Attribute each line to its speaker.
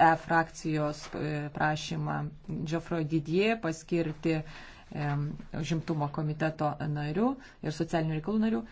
Speaker 1: E frakcijos e, prašymą Džofro Didie paskirti užimtumo komiteto narių ir socialinių reikalų narių.